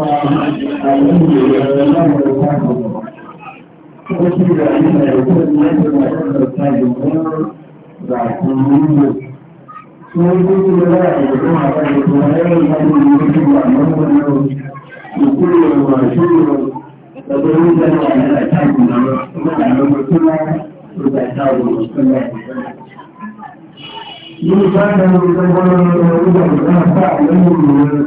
Yóò bá dáwọn ìgbàgbọ́n ọ̀rọ̀ ìgbàgbọ́n àpá àwọn ènìyàn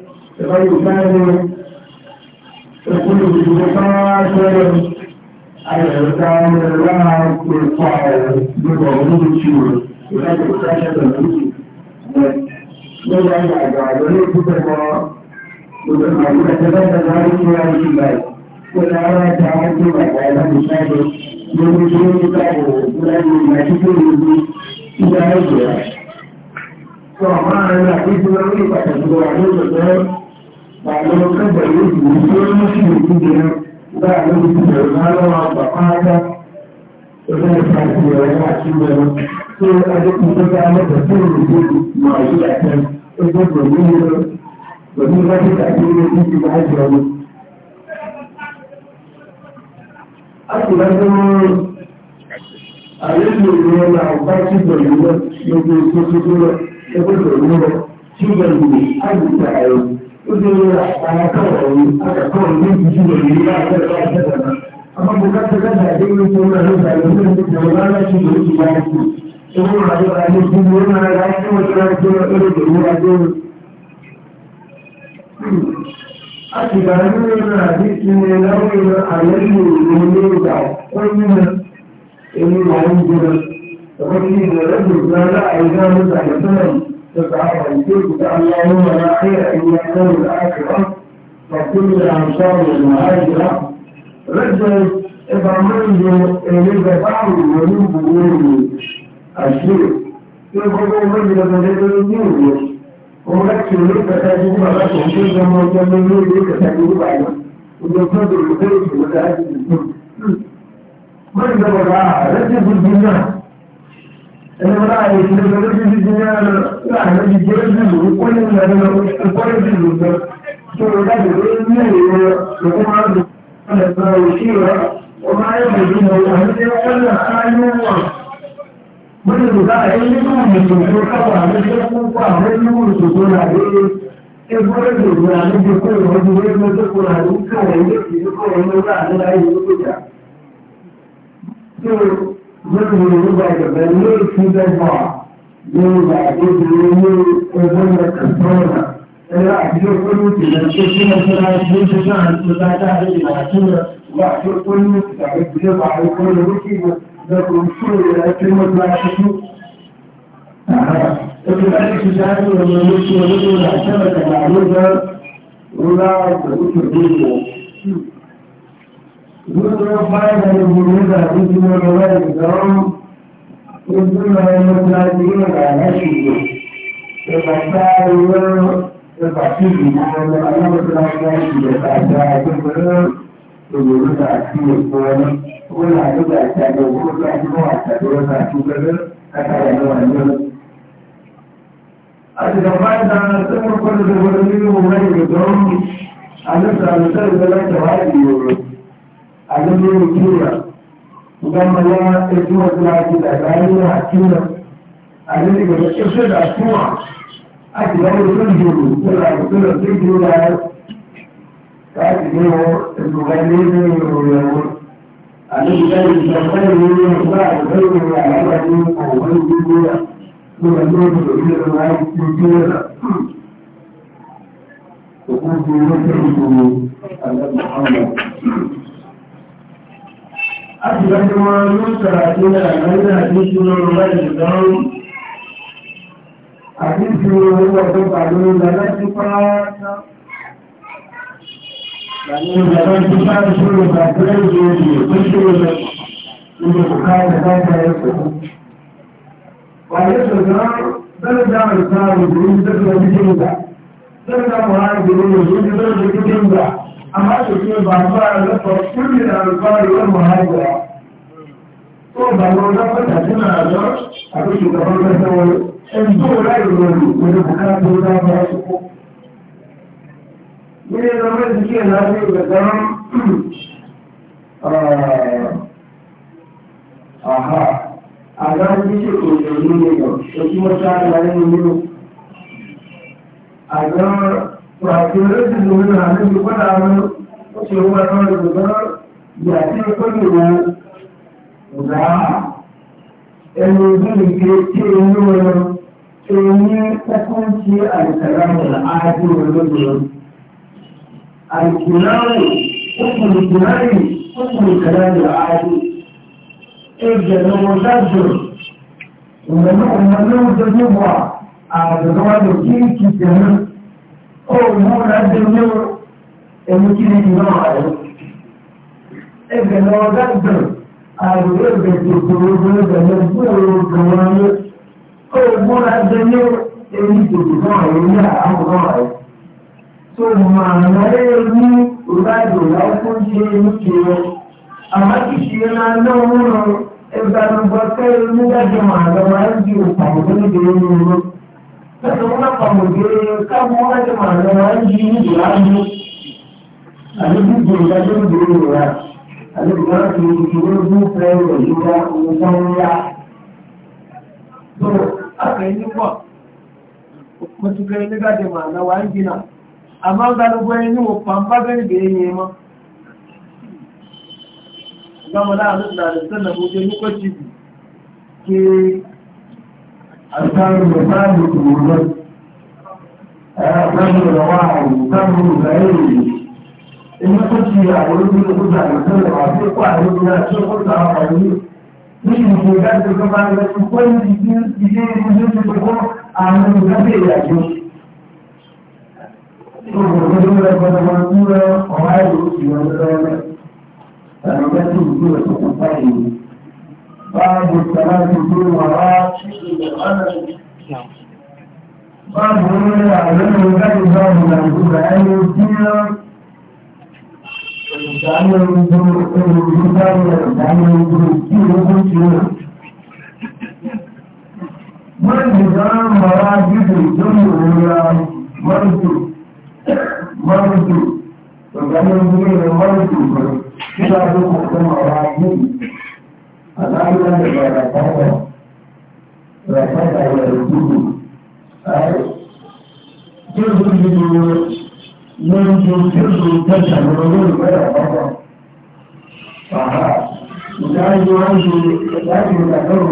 ويكان يقول بفاصل الإنسان لا يقال بضرورة شيء ولكن كاشف الوجه ولا يعد ولا يكتب ويقول أتمنى ذلك يا رسول الله ولا أرى تعامل مع هذا المشاهد من وجود كتابه ولا من ما تكون إذا أجرى. فما أنا أحب أن أقول لك أن Lalu kembali muncul sendiri dengan lalu lalu apa ada sudah pasti ada sudah so ada kita ada betul betul maju akan untuk berdiri berdiri lagi tak boleh di bawah Aku lalu ayé ìlú ọ̀la ọ̀pá tí bẹ̀rù lọ lójú ìṣòṣòṣò lọ ẹgbẹ́ bẹ̀rù lọ tí bẹ̀rù ujiri a kawai aka kawai yin jiki da yi ba a kai ba a amma ko kasa kasa da yi ko na rufa da yi da yi ba تسعة يقول اللهم لا خير إلا الكون الآخرة فكل الأنصار المهاجرة رجل إبراهيم إليك بعض ومن بقوله الشيخ يقولوا مجلس مجلس الدين ومكتب لك تجربة لكم كل ما يجمعون لك تجربة لكم ويفضل البيت وتأجل الدين من ذا رجل في الجنة ẹni wọn láàyè ìṣẹ̀lẹ̀ lójú jíjí náà láàrin jíjí lójú ìlú ìkọ́lé ìlú ìkọ́lé ìlú gan tó o dájú pé ní èrò lókun máa ń lò ọ̀nà ìgbà òṣì rẹ̀ wọ́n máa ń lò nínú àwọn ilé wọn náà sáyé wọn. wọ́n lè lò láàyè nínú ìṣòro káwọn àwọn ilé wọn kó àwọn nínú ìṣòro láàyè egbó èdè ìlú àlejò kó ìrọ̀jú lórí ọjọ́ kó rà ní kí òun lè fi kó òun lọ́wọ́ àlejò ayé ló منه يوضع جبلية في بلبع يوضع جبلية وزنة كثيرة الأحجر كله تلتشنا سنة سنة سنة سنة سنة سنة وأحجر كله تعرف بلبع وكل وكي لكم شو الأكلمة لا تشوف وكذلك سجاد لما يمشي ويدعو العشرة معروفة ولا تؤثر بيه Gbogbo fáìlì tí wọ́n lọ́wọ́ ìdánwò ojú ọmọ aláwọ̀dá a lọ owó tó àti wọ́n annabi ya tura gama ya tura tura ki da bayan ya tura annabi ga kirkir da tura a ti dawo sun jiro tura da tura sun jiro da ka ti ne wo dubai ne ne ya wo annabi da ya tabbai ne ne ba da kai ne ya ba ni ko wani jiro ya tura ne da jiro da ya tura da ko ko ne ne ko annabi Muhammad Àtìlẹ́sí wọn ló sọ̀rọ̀ àti ilẹ̀ àgbẹ́lẹ́ àti ìṣúná láì dánrú. Àti ìṣúná orúkọ tó pàdé lọ́lá sí pàátá. Ìjọba ti bá ìṣúná ìgbàgbẹ́ ìròyìn tó ṣúná lọ. Ilé ìka ìdájọ́ ẹ̀kọ́. Wàyé sọ̀rọ̀ bẹ́ẹ̀ dáhùn sáà òbí ń tẹ́tọ̀ ní Bẹ́ẹ̀ dáhùn àgbèrè òbí ń tẹ́tọ̀ ní amma da ke ba ba da farkon da alfahari mahaifa ko ba wani fata tana da a duk shugaban kasa wani ɗan zuwa da wani wani bukatu da ba su ko ne zama da ke na zai da zama aha a zama da ke kojoji ne ga wasu mutane da ne a Ìwàkìrìsì lórí àwọn olùgbọ́nà àwọn òṣèrò àwọn olùgbọ́nà ìyà tí ó kọ́ ìwò ìwà ẹni ìbílì pé tí inú ẹran tí ó ní kọ́kún tí àìsàrámọ̀ ààbí olóògbé. Àìsìláwò, ó kùn ìdìláyì, ó kùn ìkàláyì ààbí. Ẹgbẹ̀rún ọjọ́ jù, ìrọ̀lọ́wọ́ ọmọ náà jẹ́ níwà ààbẹ̀rọ̀wọ́ ó múra dé ní ẹ̀mú kí ni ìlú náà rẹ̀. ẹgbẹ̀ lọ dágbẹ̀ àrùn ẹgbẹ̀ tó kòrò ẹgbẹ̀ lọ gbòòrò gan-an ní ó múra dé ní ẹ̀mú tó kòrò náà rẹ̀ ní àwọn náà rẹ̀. tó máa náà ní ìbáàdì láìpọ̀ ṣe é ní kiri àmọ́ kì í ṣe máa náà múra ẹgbẹ̀ àlùbọ́sẹ́ ní dájọ́ màá lọ́wọ́ á ń di òpàdé níbi ẹni Sasa unapa mwenyewe kama wakati maana wanji ni wanji. Alikuja ndio ndio ya. Alikuwa kidogo tu pale ndio unafanya. So akaenda kwa matukio ne gaje maana wanji na amma galugwa ni wo pamba gani da yayi ma. Gama da Allah da sallallahu alaihi wasallam ko ke الثاني ثالث من رجل رواعي ثمن بعيد إن كنت أقول لك كنت أقول لك أقول لك كنت أقول لك níbi ìgbéga tó tó máa lọ sí pé ìdí ilé ìdílé tó tó kọ́ àwọn ìgbàgbé ìyàjọ́. Olùkọ́ tó lọ gbọdọ̀ máa ń rẹ ọ̀rá ìlú ìwọ̀n lọ́wọ́ rẹ̀. Tàbí bá tó ń gbé ọ̀sán kan báyìí. باب الصلاة في وراء نعم باب هنا علمه باب الله منزول أن يسير تعمل الدور تعمل الدور كثير والنظام مراتب الجمهورية مرضي مرضي وكان يقول مرضي كتابه مراتب aláwọ̀ ìgbàlá pọ̀pọ̀ ìrọ̀pọ̀pọ̀ rẹ̀ ìdúró tí ó ti di lórí ju tí ó ti tẹ̀sà lórí ìgbàlá pọ̀pọ̀ fàá ìdájọ́ ọ̀ṣù ìdájọ́ ìdájọ́ ìdájọ́ ìdájọ́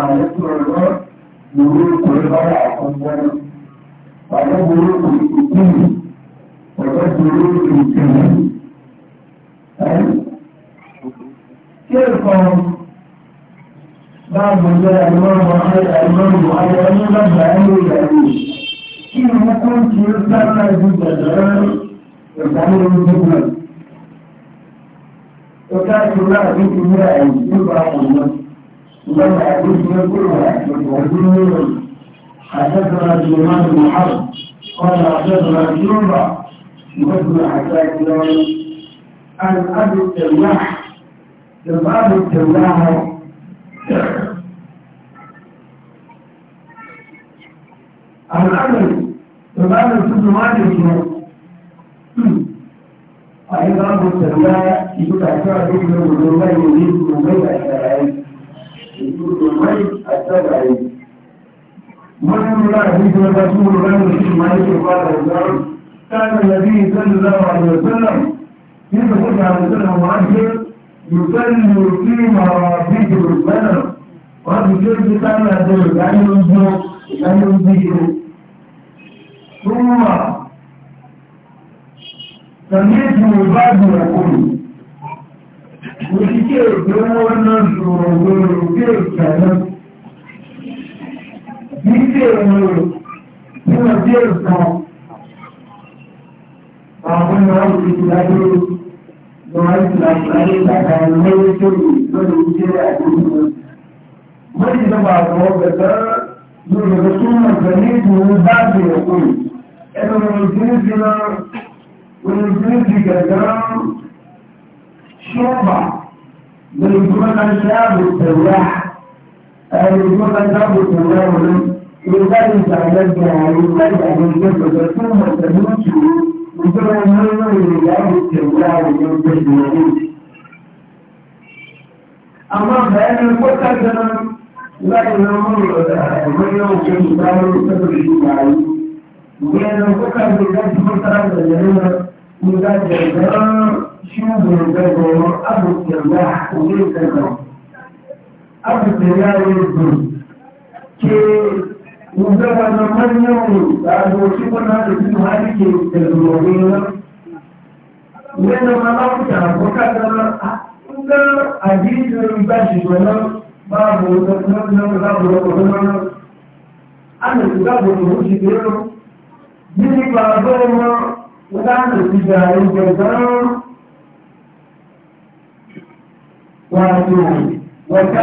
àyẹ̀kọ́ ọ̀rọ̀ lórí ìkọ̀rẹ́ bára àkọ́gbọ́n pàdé lórí ìkúrú ọ̀dọ́ lórí ìkúrú كيف بعد ما جاء الإمام علي الإمام علي أن يبدأ أن يبدأ كيف كنت يبدأ جدا يبدأ جدا وكانت الله بنت امرأة يبرع النفس ومن أبيت يقولها ويقول حدثنا الإمام بن حرب قال حدثنا شعبة مثل حكاية عن أبي التلاح جمال الجواه الأمر جمال الجمال الجواه أيضا بالتنباء يقول أكثر من المنوبة يريد منوبة الشرعي يقول منوبة الشرعي من لا يريد الرسول من الشمال قال الزرم كان النبي صلى الله عليه وسلم يدخل على وسلم وعنه ìfẹ́lú kí ọ̀rọ̀ bíjò lẹ́nà wọ́n ti tó ti sáàmì àti ìdánilójú ìdánilójú ìlú. Túnmọ̀ tàbí ètò ìbáàbò ẹ̀kùn mo ti kí èdè owó náà sọ̀rọ̀ lórí òkè ìkànnà. Bí kí èmi rò tí wọ́n dé ìkan àwọn ọmọ òṣèlú láyé lórí. Wani zama a kawo gasar yóò lè tó mọ̀gbẹ̀lẹ́ ìdúró bá bèèrè pé ẹnu ìdíríjì náà ìdíríjì gẹ̀gẹ̀rẹ́ ṣọ́ọ̀bà lórí ìgbọ́nà ṣáàbò tẹ̀wá ẹni ìgbọ́nà ṣáàbò tẹ̀wá rẹ̀ lórí ìgbàlejò àgbẹ̀gbẹ̀ àrùn ìgbàlejò àgbẹ̀gbẹ̀ tó mọ̀gbẹ̀lẹ́ ìdúró ìjọba ìmọ̀lẹ́wọ̀ ìrìnlẹ̀ ìjọba ìjọba ìjọba amma bayanin kwatar da nan zai na mura da manyan wajen gudanar da sabar shi yayi bayanin kwatar da ya ci kwatar da yanar guda da zarar shi ne da zarar abokin da ne da zarar abokin ya yi ke Musamman na manyan da abokin kuna da su hali ke da zuwa Yadda ma za ku tafi kasar ga addinin ba shi wannan babu wata nan za ku rako wannan an da su za ku rako shi da yau. Yini ba zai ma wata an da su jayi gaggawa wato wata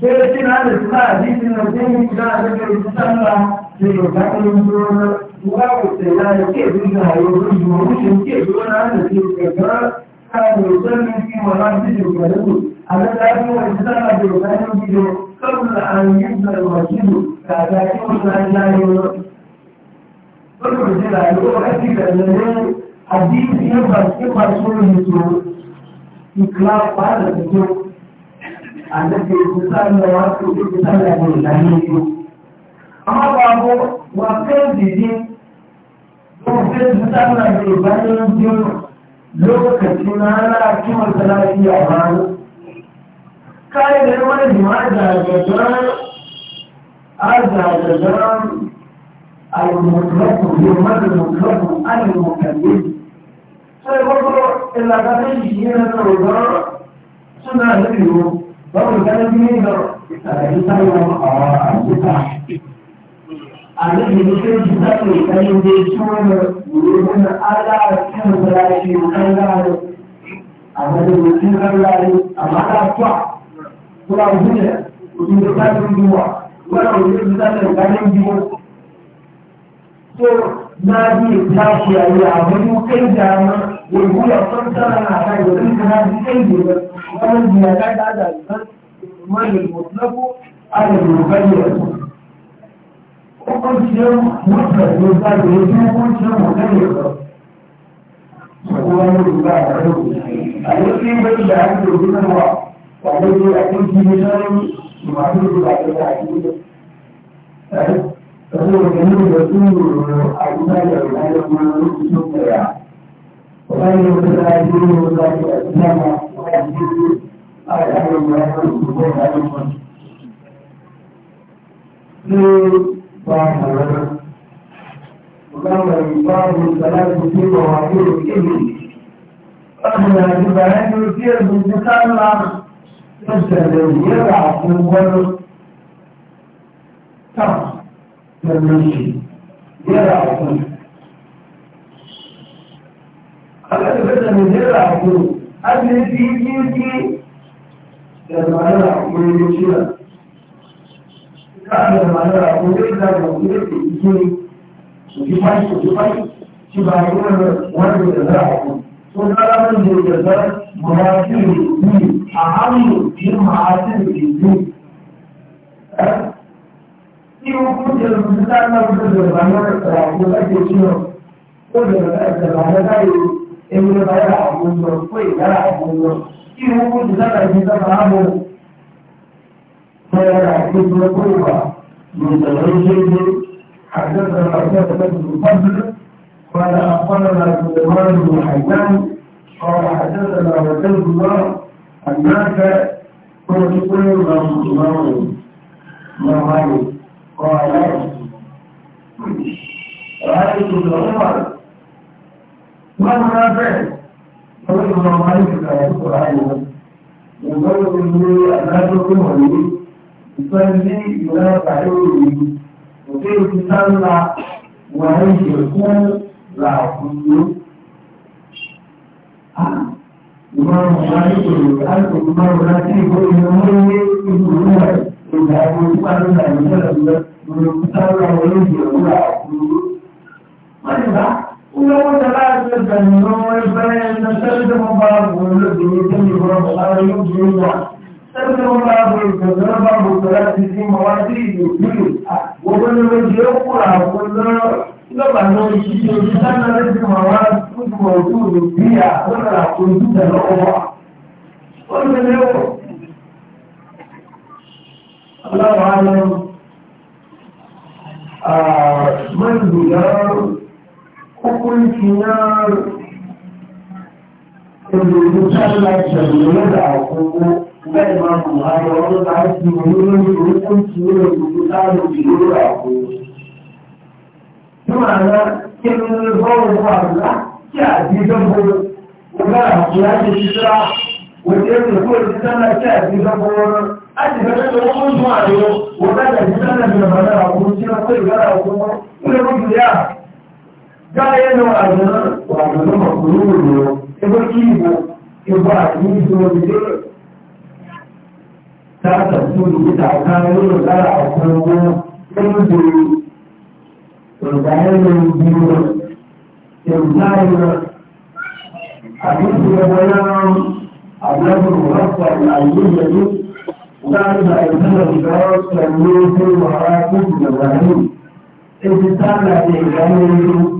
sai kina da suna hadisin da zai yi kina da kai sallah sai ya ga in zo na wa ku sai ya yi ke bin da hayo bin da mushin ke zo na da ke gagara ka da sallah ki ma na ji da ku Allah ta yi wa sallah da ga in ji da kabla an yi da wajibu ka ga ki mu na ya yi wa ko da da yi wa hadisi da ne hadisi ya ba ki ba so ne to ikla ba da ko annabi sallallahu alaihi wasallam amma babu wa kan didi ko sai sallallahu alaihi wasallam lokacin ana kuma salati a bani kai da wani jima'a da gaban azagaban المطلق يمر المطلق عن المكلف فيقول إلا قتل شيئا الرجاء سنة اليوم 老五，咱那今天呢，呃，生意那么好啊，是吧？俺那几个兄弟在那边出外头，你就是挨家去回来去挨家的，俺们就是经常来，俺们还赚。不知道你呢？你不在株洲吗？不知道你是在那个南宁吗？就那你他写两封信讲吗？ويقول أصلا ترى أنا عشان يقول لك أنا عايز أي بس أنا الزيادات على البس المال المطلق على المبالغ وكل شيء مطلق يبقى يجب كل شيء مبالغ وأنا يبقى أعرفه أيضاً بل عند ربنا هو وعليه أكون في مشارم ومعروف بعد ذلك فهو جميل رسول عبد الله وعلى ما نرسل ومن يبتدئ 没得了，就还是滴滴滴，这玩意儿又又去了，这玩意儿又去了，又去滴滴，手机关系，手机关系，基本上都是我这个人的，我刚刚问的那个，我的弟弟啊，我姨妈弟弟，啊，因为我就是干那个，就是反正就是我再接去了，或者在在哪个单位。ewúrẹ́ bá yàrá àwọn lọ fún ìyára àwọn lọ kí wọ́n kó jù lára ìdí sábà á mọ̀ bẹ́ẹ̀ rà gbogbo ẹgbẹ́ ìwà lòdàlọ́ ìṣẹ́jú àgbẹ̀sọ̀rọ̀ àti àgbẹ̀sọ̀rọ̀ fásitì قال أخبرنا سليمان بن حيان قال حدثنا عبد الله عن نافع كنت كل ما ما قال رأيت عمر wọ́n máa bẹ̀rẹ̀ lórí ìwọ̀n máa ń gbà ẹ̀ kó ráyè wọn. Ìgbọ́n mi ní àdájọ́ tó wọ̀ ní ìfẹ́ ní ìlú àbáyé yìí. Òkè ìfisá ńlá wà ń yẹ fún làkúndó. Ìmọ̀ràn wà ní ìlú àgbègbè máa wọlé sí ìwé ìlú wọn ní ìlú rẹ̀. Ìgbà àwọn olùkọ́ àti ìgbà ìjọba ìlú ìfisá bá لو تلاحظت أنه الفين تستخدم بعض الذي يجب على يوم تستخدم بعض الكذب والثلاث في مواسيد ومن يجيبوا كل لما نوشي أن لازم مواد كل موجود فيها ولا كنت الأخرى ومن يوم الله أعلم منذ يوم kukun finar rubutan lafiyar yana da agogo zai ma buhari wani da ake wani rukun finar rubutan rubutan da agogo tumana kin bawon fara ki a jikin bawon wala ya ce shira wanda yake kowai tana ki a jikin bawon aji ka kada wani zuwa yau wanda ka ji tana da bada agogo shi na kai gara agogo kuma mutu ya Gáyé lọ àgbọ̀nà ọ̀gbọ̀nà ọ̀gbọ̀nà òwúrò ẹgbẹ́ kí ìbò ìbò àti ìṣòro ìdílé. Táàtà tó lè ní tààkà lórí lára ọ̀pọ̀ owó nínú ìbòrò. Ìgbàyé lọ ìbìrò ìgbàyé lọ àti ìṣòro ọlọ́run àbúrò ọ̀pọ̀ àyè ìyẹ̀lú. Láàrín àìsílẹ̀ ìgbàyé pẹ̀lú ojú ọ̀rá kúrò ìgbàyé. Ebi táàlà ìgbàyé lọ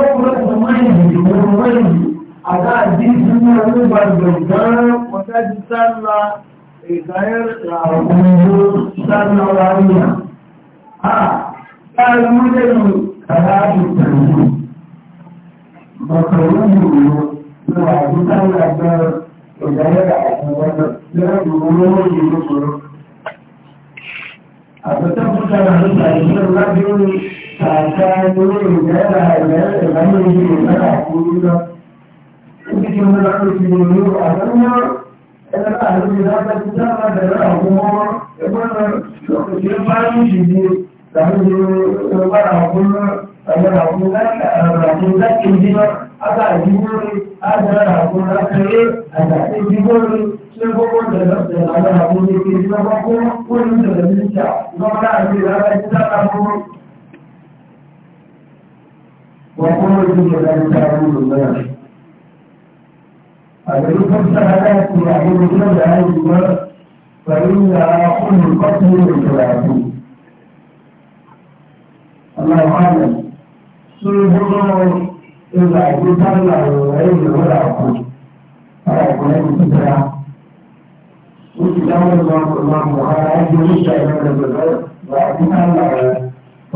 ọkùnrin mọ́yìnbí ìwọ̀n mọ́yìnbí àdáàdí sínú ọlọ́gbà ìgbẹ̀gbọ́n ọ̀dájú sáàlá ìgbàyẹ̀rẹ̀ àwọn ọmọ sáàlá wáyà. Táàrí mú lẹ́nu kàláàbì tàbí ọkùnrin mọ́yìnbí ìwọ̀n àdúgbà ìgbẹ̀gbọ́n ọ̀dájú sáàlá ìgbẹ̀gbọ́n أفتقت نحن تعيشين رجل تعتاني لنا لنا لنا لنا حقولنا إنك يوم الأمر في اليوم أدنى أنا أعلم إذا كنت أنا لنا حقوما إبنا كثير ما يجي نحن نبغى حقولنا أنا حقولنا أنا حقولنا كذي àtàdìmọ́rí àdára àwọn akẹrẹ àtàdìmọ́rí tí ó kọ́kọ́ tẹ̀lé tẹ̀lé àwọn àwọn oníke ìjọba kó wọ́n ní tẹ̀lé níjà ìjọba láàrin ìlànà ìjọba kó. wọ́n kọ́ ló ti yẹ láti ta àwọn olùgbọ́n rẹ̀. àgbẹ̀lú tó sára láti àwọn olùgbọ́n rẹ̀ àìsíwọ́ pẹ̀lú ìyàrá olùkọ́ tó ń lò tẹ̀lé àbò. ọlọ́run àlẹ́ tó ń bọ́ ìgbà ìgbé sáńgà ẹ̀yìn ìrọ̀lá ọ̀kú ara ìpínlẹ̀ ní títẹ̀ra ó sì dáwọ́ ìwọ̀n ọ̀nà ọ̀hánà ẹgbẹ́ oníṣà ìrọ̀lẹ̀ lọ́dọ̀ wà ní sáńgà rẹ̀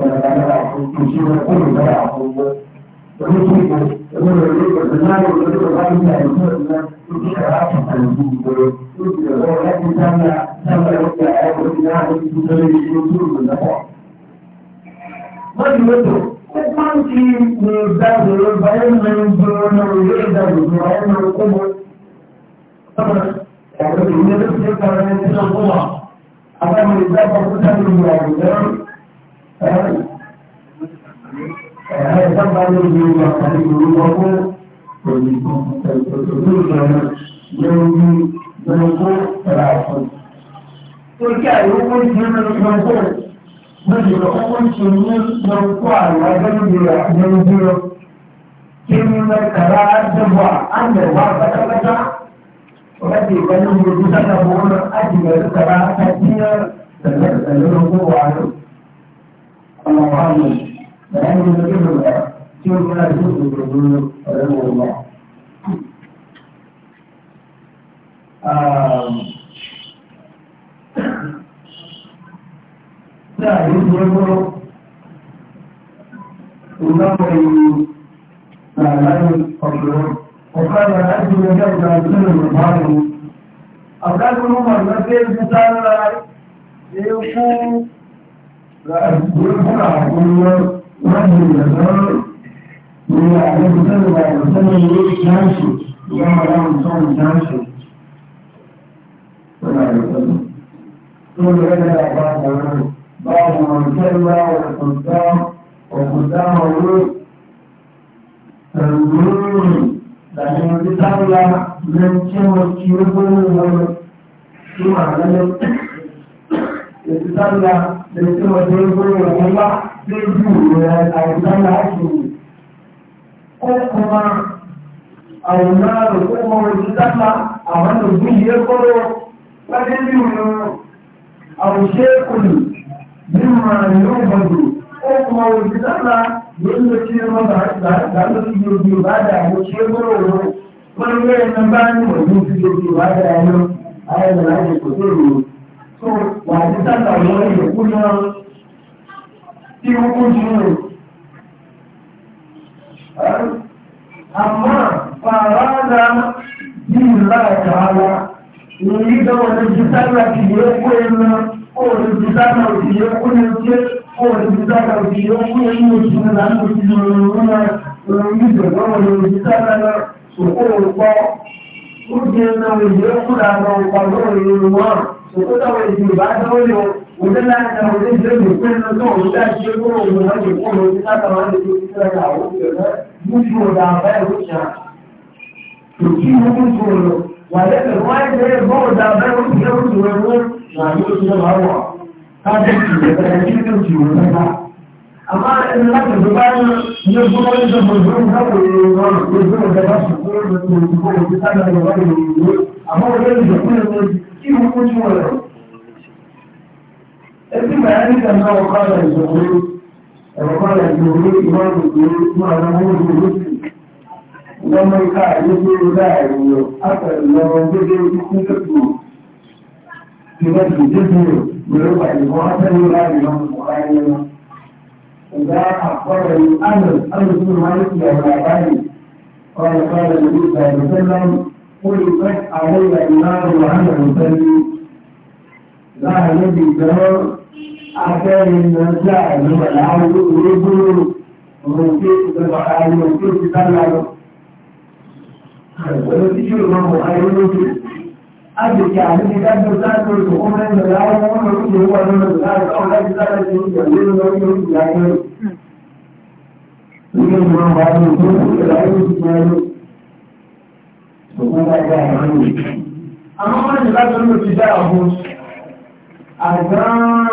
ọ̀nà ọ̀kú kìí ṣe kó ìrọ̀lá ọ̀kú oníṣègbè olóòrè ìgbésẹ̀ náà ló ló ló bá ń gbà ìlú ọ̀nà ìṣẹ̀ àtúntò ìlú ìgboro ó sì rọ̀ láti sáńgà sáńgà ìgbà ẹ̀kọ́ ti náà ló ti hukunci ne za su yi bayan nan zuwa wuri da zuwa yana kuma saboda ya ga ne da su ka ran ta kuma a ga mai da ba ku ta yi wa gudan eh eh san ba ne ne ba ka yi ruwa ko ko ni ko ta ko ko ne yau ni da ko ra ko ko kai hukunci ne da ko lójúlọ ọkọ̀ ṣe ní lọ́kọ́ àlàgbẹ́gbẹ̀rẹ̀ àgbẹ̀rẹ̀ kí ni mẹ́kàrá dẹ́gbà àgbẹ̀wà pátápátá wọ́n ti gbẹ́nu ní ojú sáta fún àjùmọ̀ ìkàrá àtàkìyà tẹ̀lẹ́tẹ̀lẹ́ lọ́kọ́ wà lọ. ọmọ wa ni bẹ̀rẹ̀ ní ojú ìlúwẹ̀ tí ó múra sí ìgbòho ọ̀rẹ́ wọn wà. àyè ti ń kúrò. Ìgbàgbọ́ ìlú làlàyé ọ̀gbọ̀n. Ọ̀kadà láti ilé ẹgbẹ́ ìgbà tí ó lè bá mi. Àgbàdo mú màá lọ sí ebi sára ewu ewu àkúnyọ láti ìgbàgbọ́ ní àyè ti sẹ́yìn àyè sẹ́yìn ilé ìjáǹsì ìyá màdámù sọ́ọ̀nù ìjáǹsì. Ó lọ rẹ̀ lọ́wọ́ àwọn ọmọ náà. قاموا الكلمة والقدام وقدام الروح تنظرون لكن بتولى من كم تيوبون ثم علم يتولى من كم تيوبون وما تيوبون أيضا لكن كما أو نار كما يتولى أو أنه يقول وجدوا أو شيء mímọ̀ yóò gbọdọ̀ ó kọ òṣìṣẹ́lá lórí oṣù ẹmọ lọ́sí gbogbo ìbáda àwọn oṣù ẹgbọ́rọ̀ wọn wọ́n lé ẹ̀nà bá ní ọ̀dọ́ oṣù gbogbo ìbáda àwọn ayẹyẹ láti kò tó rò tó wà ní sábà wọn ìyókù náà tí ó olùdíjára òbí yókù ní ojú olùdíjára òbí yókù ní ojú láti ojú ọ̀rọ̀ ọ̀rọ̀ ìjọba olùdíjára lọ sòkó òpó ó di ẹnà òbí yókù lára ọ̀pọ̀ lórí ìlú wọn sòkó táwọn èdè ìbádọ́ lọ òde láti àwọn òde ìjọba òpó ẹnà tó òun dá sí ẹgbẹ́ òun wọn lè kó lórí látara wọn lè fi sílẹ̀ àwọn òbí rẹ̀ lójú òkú ìwọ́n tó lọ wà lẹ́sẹ̀ wọ́n á ọ̀dà àbá ẹ̀rọ ìjà òkú rayuwar shi zama wa kafin da ƙarfi kan ciwon zama amma in haka da bayan ya zuwa yin da mazuru haka ya yi wani ya zuwa da ba su koyar da su su ko wasu sana da ba da yi amma wajen da kuna ne ki hukunci wannan ɗan fi bayani kan na wakala da zuwa da wakala da zuwa imamu da zuwa na mawu da idan mai ka yi zuwa da yi aka zama zai yi kuka tuwo لمن يجزم بربع المواطن ولا الإمام البخاري إذا أخبرني أمر أمر بن مالك يا ولداني قال قال النبي صلى الله عليه وسلم قلت علي النار وأنا أصلي لا الذي جرى أتاني النساء هو العبد يقول ومن كيف تبعاني ومن كيف تبعاني ولو تجي الإمام البخاري arziki a cikin ɗanɗin sassan su kuma yin da yawon wanda kuke ruwa da wanda za a kawo ɗanɗin sassan su yi da yin da wani yanki ya yi su yin ruwan ba ne ko su yi da yin su ya yi su kuma ya yi hannu amma wani da za su rufe da abu a ga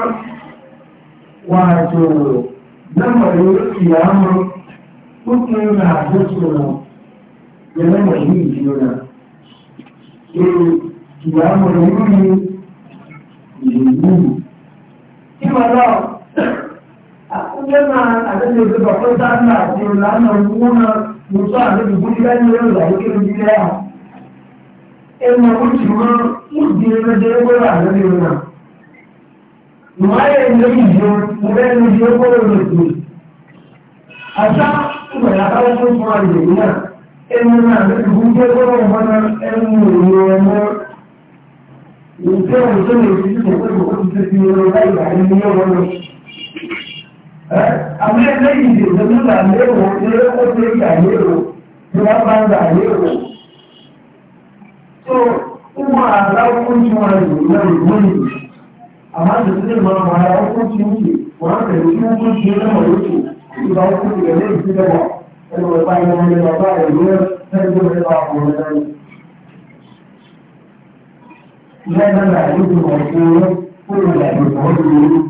wato lamarin kiyamun kuke na hajjinsu na yanayin yi juna ìyàwó ìlú ni ìlú kí wọ́n lọ àkúnjẹ́ máa àtẹ́lẹ̀ ìjọba pé sáàtì àti ìlànà ìwọ́n náà mo sọ àtẹ́lẹ̀ ìbú ní ní ẹ̀rọ ìyàwó kí à ẹnu ọkọ̀ ìjọ mo ní ìjọ ẹgbẹ́ rẹ̀ lòdì àṣà ìgbẹ̀rẹ̀ àbáwọ́ fún fún àyè náà ẹnu náà lórí ìbú ní ẹgbẹ́ ìjọ òjò òjì tí kò pé kò ti ti ọ̀rọ̀ láì wà ní ilé ọ̀rọ̀ lọ. Àwọn ẹgbẹ́ ìdè tó ní ìgbà lérò ní ó ṣe ìgbà lérò ní wọ́n bá ń gbà lérò. Tó wọ́n àgbà ọkùnrin tí wọ́n rẹ̀ lò lọ́rùn lónìí. Àwọn àjòjì lè máa mọ ara ọkùnrin tí ó ṣe wọ́n á tẹ̀lé tí wọ́n ṣe lọ́mọ lóṣù ìgbà ọkùnrin rẹ̀ lè ṣe lọ́wọ́. Ẹnu ọ̀pá ìwọ̀n ilẹ̀ bàbá rẹ̀ ló ń ماذا معرفة الرسول كل معرفته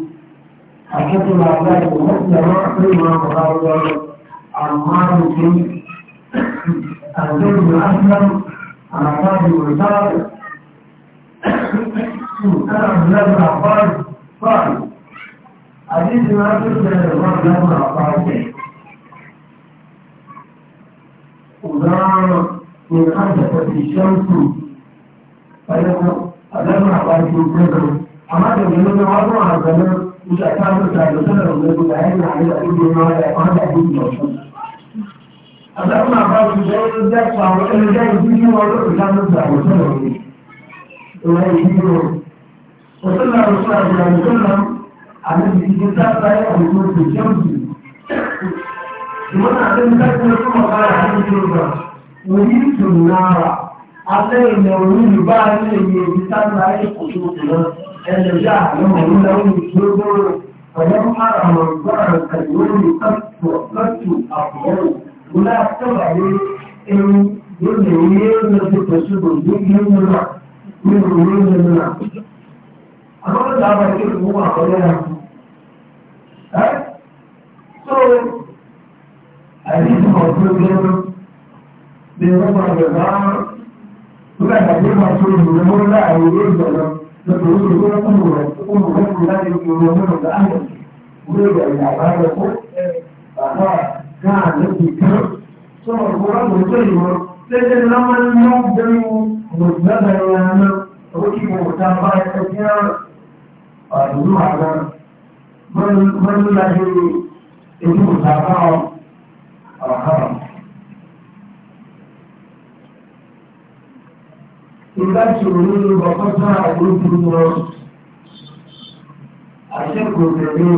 حكتنا ذلك مسلم فيما تغير عمار بن الزيد بن اسلم عن عباد بن سعد كان عبد الله بن عباس قال حديث ما كنت عبد الله بن عباس وقال من خمسة الشمس فيقول sannan a ba shi gudu amma da gani na wani a ganin ita ta mutu da sanar da gudu da yana yi a cikin yawa da kuma da ake yi a zan ma ba shi da yi da samu ɗan da yi cikin wani ta mutu da mutu da wani ɗaya yi biyu alẹ́ ilẹ̀ orí ìbá ní èyí èyí sáàrùn ayé kòtòkò lọ ẹ̀lẹ̀ yá àwọn òun lẹ́wọ̀n tí ó gbọ́rọ̀ pẹ̀lú àrùn ọ̀gbọ́rọ̀ pẹ̀lú orí lọ́tù àbúrò wọlé àtọ́wàlé ẹni lónìí orí ẹ̀rọ ti pẹ̀sùgbò ní ilé mìíràn ní orí ẹ̀rọ mìíràn. àwọn ọ̀dọ́ àwọn ìlú ìlú wà lọ́lẹ́ náà. so àyè ìtumọ̀ Nígbà ìgbàgbé máa ṣe ìrìnlẹ̀ mọ́ láàrin ilé ìjọba lọ́pọ̀ orí ìwé ọkùnrin rẹ̀ tó kún rẹ̀ kún láti fi ìwé ọmọ rẹ̀ láàrin ilé ìjọba àbájọ kó bàbá náà ló ti kán. Sọ̀rọ̀ kó wá lọ sí ìwọ lẹ́jẹ̀ ní wọ́n láti òun ló pátá àlójú wọn àṣẹ́kọ̀ọ́ bẹ̀rẹ̀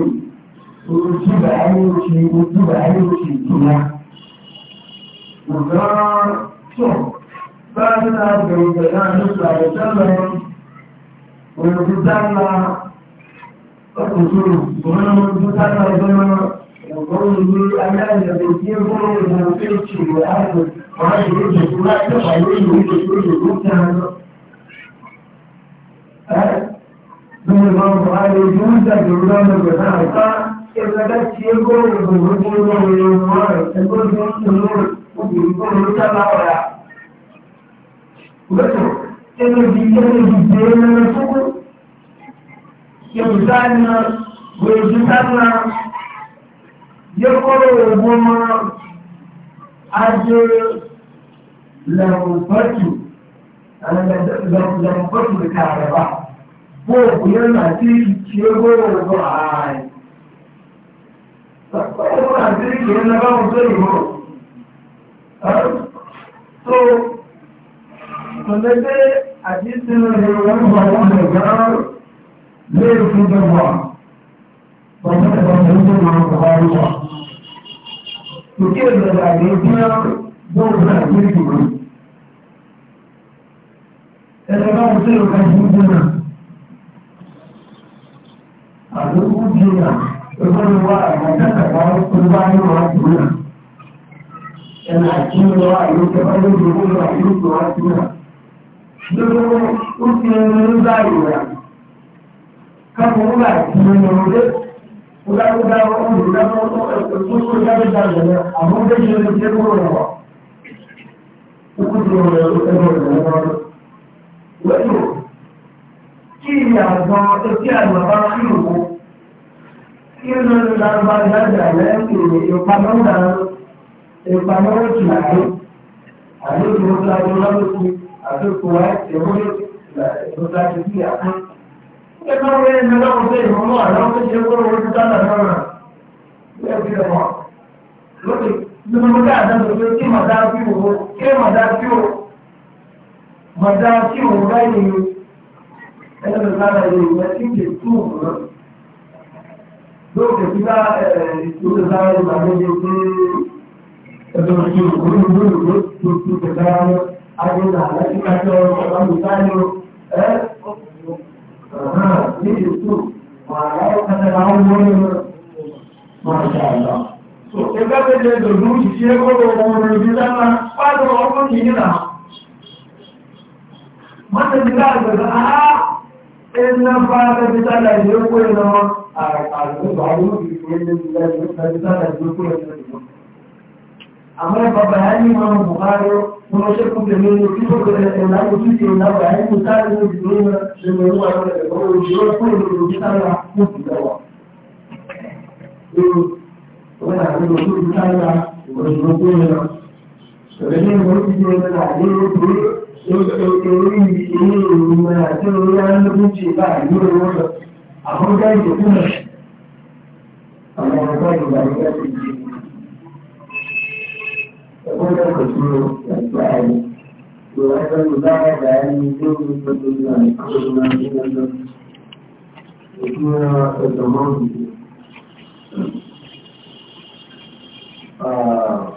ojúbà ayé òṣì ojúbà ayé tó bá nínú tó dáná ọkùnrin òun tó dáná ọjọ́ náà وقوله ألا يبديكم الموقيت وأهل وأهل الجسمات عليه بكل مكان من الله عليه يوسف بالله وتعالى إذا كانت يقول بالرجل والإنوار تقول بالسنور وبالقول تبعها وبتو إنه بيجي بيجي يوزعنا ويجزعنا يقول ربما أجل لنفتو لنفتو الكهرباء فوق ينأتي يقول ربما Ọ̀pọ̀lọpọ̀ àti ìrìnà bá wọn tó ìwọ̀n. Tó, ọ̀lẹ́gbẹ́ àti ìsinmi ìrìnà wọn wọ́n lè gbára lè fún jẹ́ wọn. Bọ̀mọ́ ìbọn tó ń tó wọn kọ̀ Porque da Bahia bolsa agrícola. Ela não tem o cajuína. Algum dia eu vou levar a casa agora para o bairro Latina. Ela tinha lá, eu trabalhei no mundo agrícola Latina. Eu vou o que eu não daria. Como o Latina não deu, kúdákúdá ọ̀rọ̀ ìdáwọ́ tó dáríjà ìjọba àwọn méjì ló jẹ́ kúrò lọ́wọ́ kúkúrò ẹ̀rọ ìrọ̀lọ́wọ́ lẹ́yìn kí ìyàgbọ́n etí àgbàbá sí òkú kí ó lọ́nà lágbà ìdájà lẹ́yìn ìpamọ́dà ìpamọ́wọ́ tì láyé àdéhùn tó lágbà lọ́wọ́ sí àdéhùn láti ìwúlò ìlànà ìdókòwò àti ìyàgbọ́n ẹgbẹ́ wọn ní ẹgbẹ́ wọn sí ìrànlọ́ àwọn tó ṣe kó wọn ti dáná náà ní ẹbí rẹ̀ wọn. lókè nínú ká àdájọ pé kí màdá sí òwò kí màdá sí òwò màdá sí òwò láyé ẹni tó sára ilé ìwé tí kì í tú òwò náà. lókè Aha, this is true. MashaAllah. So, ẹgbẹ́ tẹ́jẹ́ ìdòdó ìṣẹ́ gbọ́dọ̀ ọmọ orí dáná pàdọ̀ ọkọ̀ kìí nà. Mọ́tẹ̀bí láàgbẹ̀dọ̀ àá ẹ̀nà bá tẹ́bí tálà ìlú ẹ̀kọ́ ẹ̀nà àrẹ̀kàrẹ̀ amma ba bayani ma mu bukari kuma shi kuma ne ne ki so da na ku ci na bayani ku ta ne ji ne shi ne ruwa da ko ji ko ko ne ji ta na ku ci wa wala ne ku ci ta na ko ji ko ko ne so da ne ko ji ne da ne ku so da ko ne ni ni ni ma wannan ka